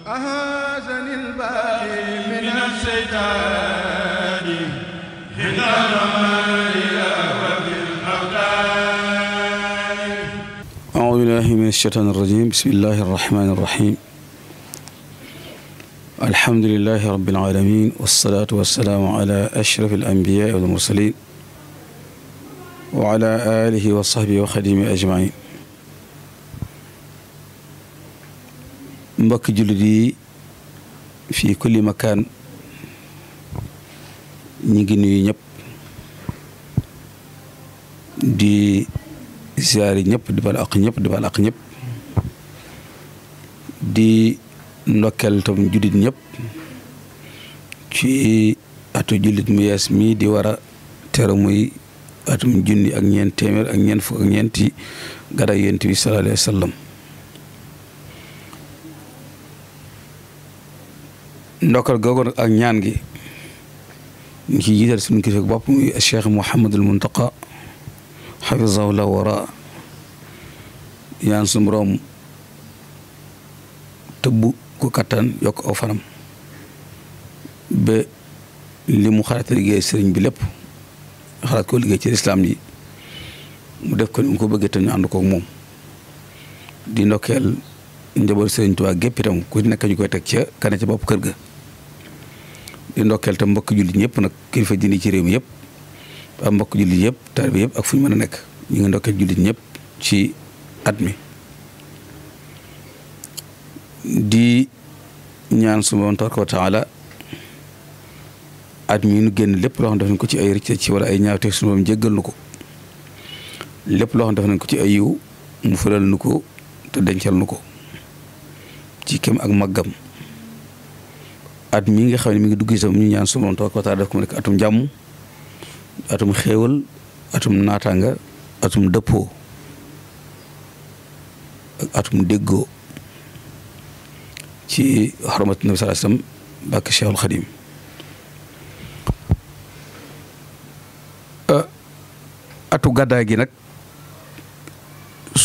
أهازني الباقي من الشيطان حين رماني في الأوتان أعوذ بالله من الشيطان الرجيم بسم الله الرحمن الرحيم الحمد لله رب العالمين والصلاة والسلام على أشرف الأنبياء والمرسلين وعلى آله وصحبه وخديمه أجمعين mbokki jullit yi fii kulli makaan ñi ngi nuyu ñëpp di ziyaari ñëpp di bal ak ñëpp di bal di ndokkeel tam jullit ñëpp ci atu jullit mu yees mii di war a teru muy atum junni ak ñeent téeméer ak ñeent fukk ak ñeenti gàddaay Yonent bi sallallahu ndokkal googu ak ñaan gi ñu ci jiital suñu kilifa bopp muy cheikh Mouhamadul Muntaqa xafizahu la wara ñaan suñu borom tëbb ko kattan yokk aw fanam ba li mu xalaat liggéey sëriñ bi lépp xalaat ko liggéey ci lislaam yi mu def ko ni mu ko bëggee te ñu ànd koog moom di ndokkeel njaboot sëriñ Tuubaa gépp itam ku nekk ñu koy teg ca kane ca bopp kër ga di ndokkeel tam mbokk jullit ñëpp nag kilifa diini ci réew mi yëpp ak mbokk jullit yëpp bi yëpp ak fu ñu mën a nekk ñu ngi ndokkeel jullit ñëpp ci at mi di ñaan su ma tabaraka at mi nu génn lépp loo xam def nañ ko ci ay rëcc ci wala ay ñaawte suñu moom jéggal nu ko lépp loo xam def nañ ko ci ay yiw mu fëlal nu ko te dencal nu ko ci kem ak màggam at mi ngi xam ne mi ngi dugg itam ñu ñaan su moom tabaraka wa taala def ko mu nekk atum jàmm atum xéewal atum naataanga atum dëppoo atum déggoo ci xormatu nabi sallallahu alayhi wasallam ah, atu gàddaay gi nag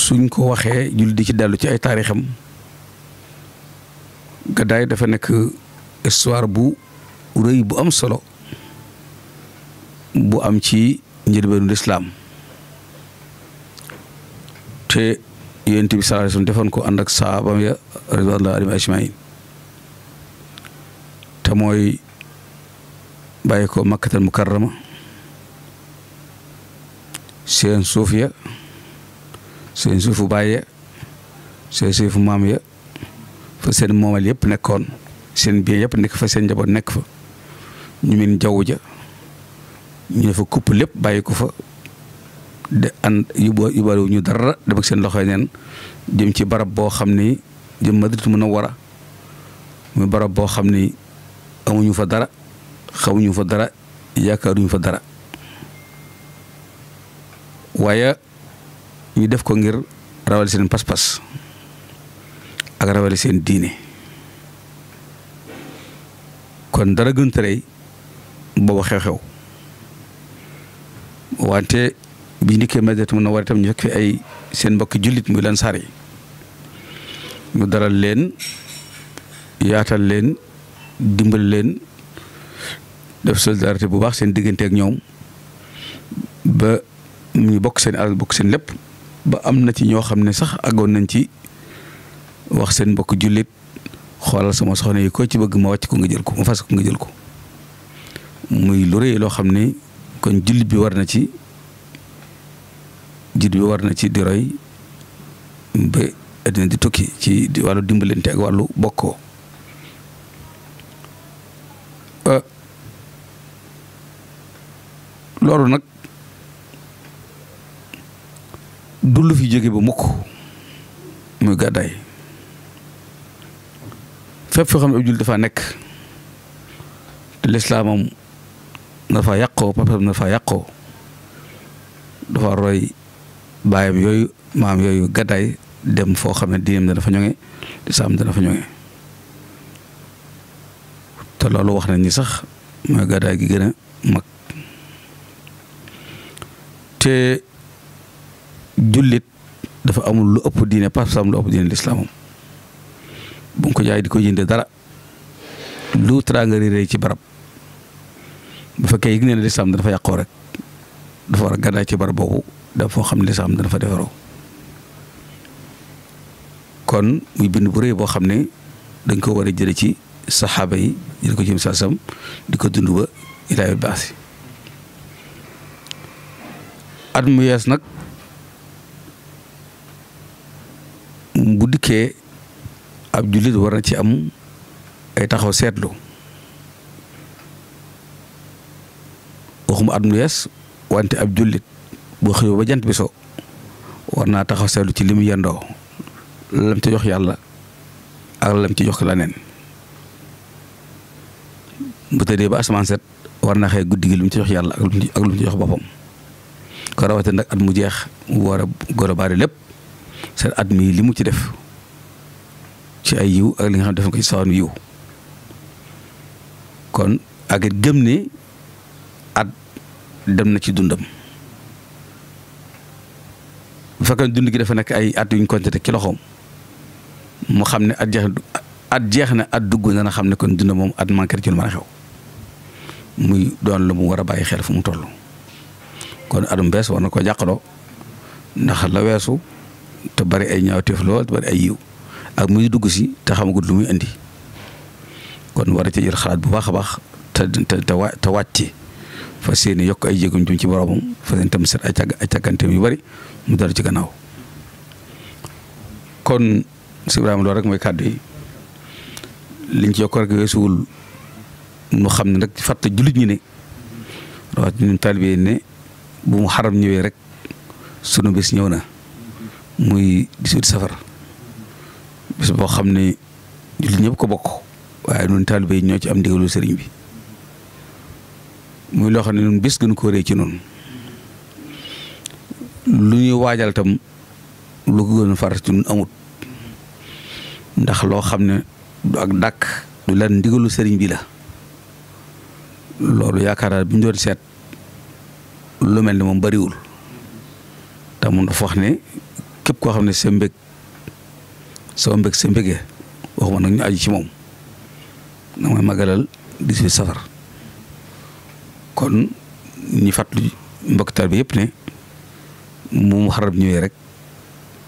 suñ ko waxee julli di ci dellu ci ay taarixam gàddaay dafa nekk histoire bu rëy bu am solo bu am ci njëlbeenu lislaam te yonent bi sallallahu alayhi wasallam defoon ko ànd ak saabam ya ridwanullahi alayhim ajmain te mooy bàyyi ko makkatal mukarrama seen suuf ya seen suufu baay ya seen suufu maam ya fa seen moomal yëpp nekkoon seen biir yëpp nekk fa seen njaboot nekk fa ñu meen jaww ja ñu ne fa kupp lépp bàyyi ko fa de ànd yóbbu yóbbaale dara dem ak seen loxo neen jëm ci barab boo xam ni jëm a Munawwara muy barab boo xam ni amuñu fa dara xamuñu fa dara yaakaaruñu fa dara waaye ñu def ko ngir rawal seen pas-pas ak rawale seen diine. kon dara gënut a rey xew-xew wante bi ñu dikkee Madinatu Munawwara itam ñu fekk fi ay seen mbokki jullit muy Ansaar yi ñu daral leen yaatal leen dimbal leen def solidarité bu baax seen diggante ak ñoom ba ñu bokk seen alal bokk seen lépp ba am na ci ñoo xam ne sax àggoon nañ ci wax seen mbokk jullit xoolal sama soxna yi ko ci bëgg ma wàcc ko nga jël ko ma fas ko nga jël ko muy lu rëy loo xam ni kon jullit bi war na ci jullit bi war na ci di roy ba addina di tukki ci wàllu dimbalante ak wàllu bokkoo ah, loolu nag du fi jóge ba mukk muy gàddaay fépp foo xam ne ab dafa nekk te lislaamam dafa yàqoo papam dafa yàqoo dafa roy bàyyam yooyu maam yooyu gaddaay dem foo xam ne diinam dana fa ñoŋe lislaam dana fa ñoŋe te loolu wax nañ ni sax mooy gaddaay gi gën a mag te jullit dafa amul lu ëpp diine pasam lu ëpp diine lislaamam bu ko jaay di ko jënde dara lu teraanga réy ci barab bu fekkee yëg nee na lislaam dafa yàqoo rek dafa war a gàddaay ci barab boobu dafa foo xam ne lislaam dana fa defaroo kon muy bind bu boo xam ne dañ ko war a jële ci saxaaba yi jële ko ci misaasam di ko dund ba ilaa baasi at mu yees nag bu dikkee ab jullit war na ci am ay taxaw seetlu waxuma at mu yees wante ab jullit boo xëyoo ba jant bi so war naa taxaw seetlu ci li mu yendoo lam ci yox yàlla ak lam ci jox leneen bu tëddee ba asamaan war naa xëy guddi gi ci jox yàlla ak lu mu boppam ko nag at mu jeex mu war a lépp seen at mii li ci def ci ay yiw ak li nga xam ne def nga ci sawan yiw kon ak it gëm at dem na ci dundam bu fekkee dund gi dafa nekk ay at yuñ compter ci loxoom mu xam ne at jeex at na at dugg na xam ne kon dundam moom at manqué ci lu a xew muy doon lu mu war a bàyyi xel fu mu toll kon atum bees war na ko jàqaloo ndax la weesu te bari ay ñaawteef lool te bari ay yiw ak muy dugg si te xamagut lu muy indi kon war a ci xalaat bu baax a baax te te te wàcce fa seeni yokk ay jéegum jum ci boromam fa seen tam set ay càgg ay yu bari mu daru ci gannaaw kon si loolu rek mooy kàddu yi liñ ci yokk rek weesuwul nu xam ne nag fàtte jullit ñi ne rawat ñun taalibe ne bu mu xaram ñëwee rek sunu bés ñëw na muy di safar bis boo xam ne jullit ñëpp ko bokk waaye ñun taalibe ñoo ci am ndigalu sëriñ bi muy loo xam ne ñun bis gën ko ci noonu lu ñuy waajal tam lu ko gën a ci ñun amut ndax loo xam ne du ak dàkk du lan ndigalu sëriñ bi la loolu yaakaar naa bu ñu doon seet lu mel ni moom bariwul te mun dafa wax ne képp koo xam ne sa mbég sama mbég sa mbégee waxuma nag ñu aju ci moom na mooy magalal 18 safar kon ñi fàttali mbokk taalibe yëpp ne mu Muharram ñëwee rek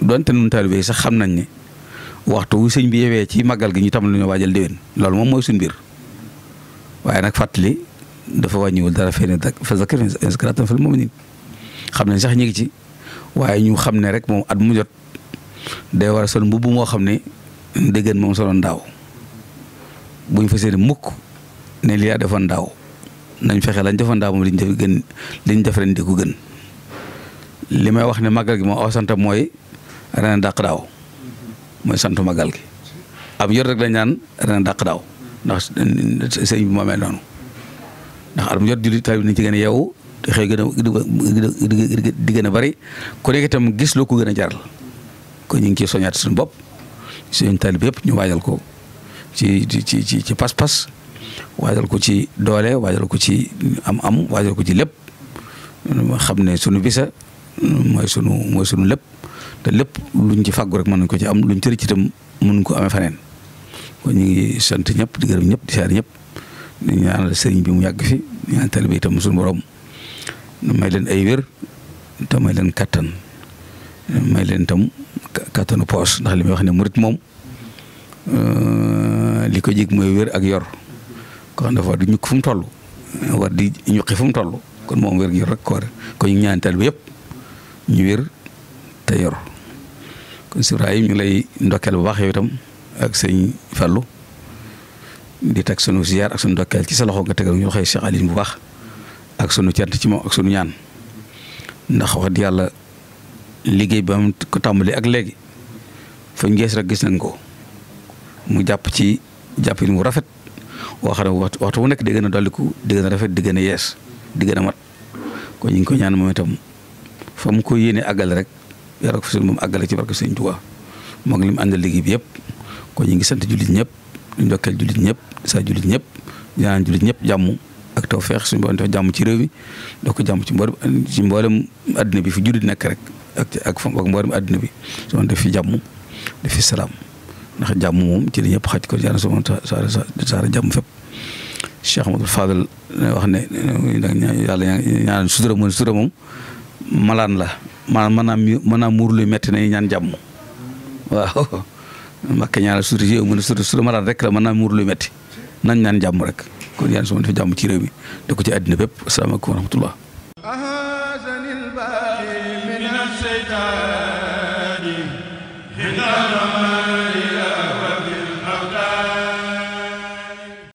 donte nun taalibe yi sax xam nañ ne waxtu wu sëñ bi yewee ci ñu tam lu ñu waajal déwén loolu mooy suñ mbir waaye nag fàttali dafa wàññiwul dara fee ne fa zakir inzakaratum xam nañ sax ñu ngi ci waaye ñu xam ne rek moom at mu jot day war a sol mbubb moo xam ne dëggeen moom soloon daaw buñ fa seeni mukk ne lii daa defoon daaw nañ fexe lañ defoon daaw moom liñ def gën liñ def ren di ko gën li may wax ne màggal gi moom aw sant mooy ren dàq daaw mooy sant màggal gi am yor rek lañ naan ren dàq daaw ndax sëñ bi moo mel noonu ndax am yor jullit taal bi nañ ci gën a yeewu te xëy gën a di gën a bari ku nekk itam gis loo ko gën a jaral kon ñu ngi ciy soñaat suñu bopp suñu talib yëpp ñu waajal ko ci ci ci ci pas waajal ko ci doole waajal ko ci am-am waajal ko ci lépp xam ne sunu bisa mooy sunu mooy sunu lépp te lépp luñ ci fàggu rek mën nañ ko ci am luñ tëri ci tam mënuñ ko amee faneen kon ñu ngi sant ñëpp di gërëm ñëpp di saar ñëpp di ñaanal sëriñ bi mu yàgg fi di ñaan talib itam sunu borom may leen ay wér te may leen kattan may leen tam kàttanu poos ndax li muy wax ne murit moom euh, li ko jig mooy wér ak yor ko xam dafa du toll war di ñuqi fu mu toll kon moom wér yor rek ko war ko ñu ñaantal bi yëpp ñu wér te yor kon sibra ñu lay ndokkeel bu baax yow itam ak sëñ Fallu di teg sunu ziar ak sunu ndokkeel ci sa loxo nga tegal ñu loxoy Cheikh bu baax ak sunu cant ci moom ak sunu ñaan ndax wax yàlla liggéey ba am ko tàmbali ak léegi fuñ gees rek gis nañ ko mu jàpp ci jàppin mu rafet woo xam ne waxtu bu nekk di gën a dolliku di gën a rafet di gën a yees di gën a mat kon ñu ngi ko ñaan moom itam mu ko yéene àggale rek moom àggale ci barke Sëñ Tuubaa moom li mu àndal liggéey bi yëpp kon ñu ngi sant jullit ñëpp di ndokkeel jullit ñëpp saa jullit ñëpp di naan jullit ñëpp jàmm ak tawfeex suñu boole def jàmm ci réew mi def ko ci mboolem ci mboolem àddina bi fi jullit nekk rek ak ak ak mboolem àddina bi su def fi jàmm. di fi salaam ndax jàmm moom ci li ñëpp xaj ko yàlla subhaanahu wa taala saara jàmm fépp Cheikh Amadou Fadal wax ne yàlla ñaan sutura moom malaan la maanaam maanaam maanaam muur luy metti nañu ñaan jàmm waaw Mbàkke ñaan a sutura sutura malaan rek la maanaam muur metti nañ ñaan jàmm rek kon yàlla subhaanahu fi jàmm ci réew mi da ko ci àddina bépp asalaamaaleykum wa